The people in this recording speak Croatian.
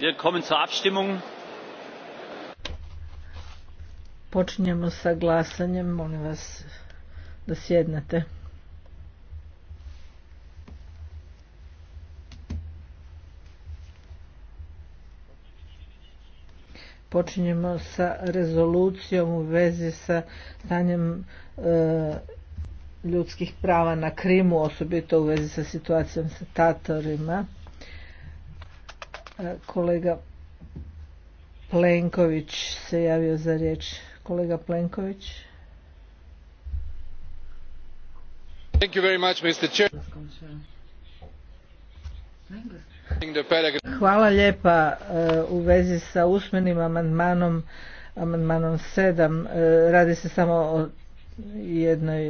Wir kommen zur Počinjemo sa glasanjem, molim vas da sjednete. Počinjemo sa rezolucijom u vezi sa stanjem eh, ljudskih prava na Krimu, osobito u vezi sa situacijom sa Tatorima. Kolega Plenković se javio za riječ. Kolega Plenković. Hvala lijepa e, u vezi sa usmenim amandmanom amandmanom 7 e, radi se samo o jednoj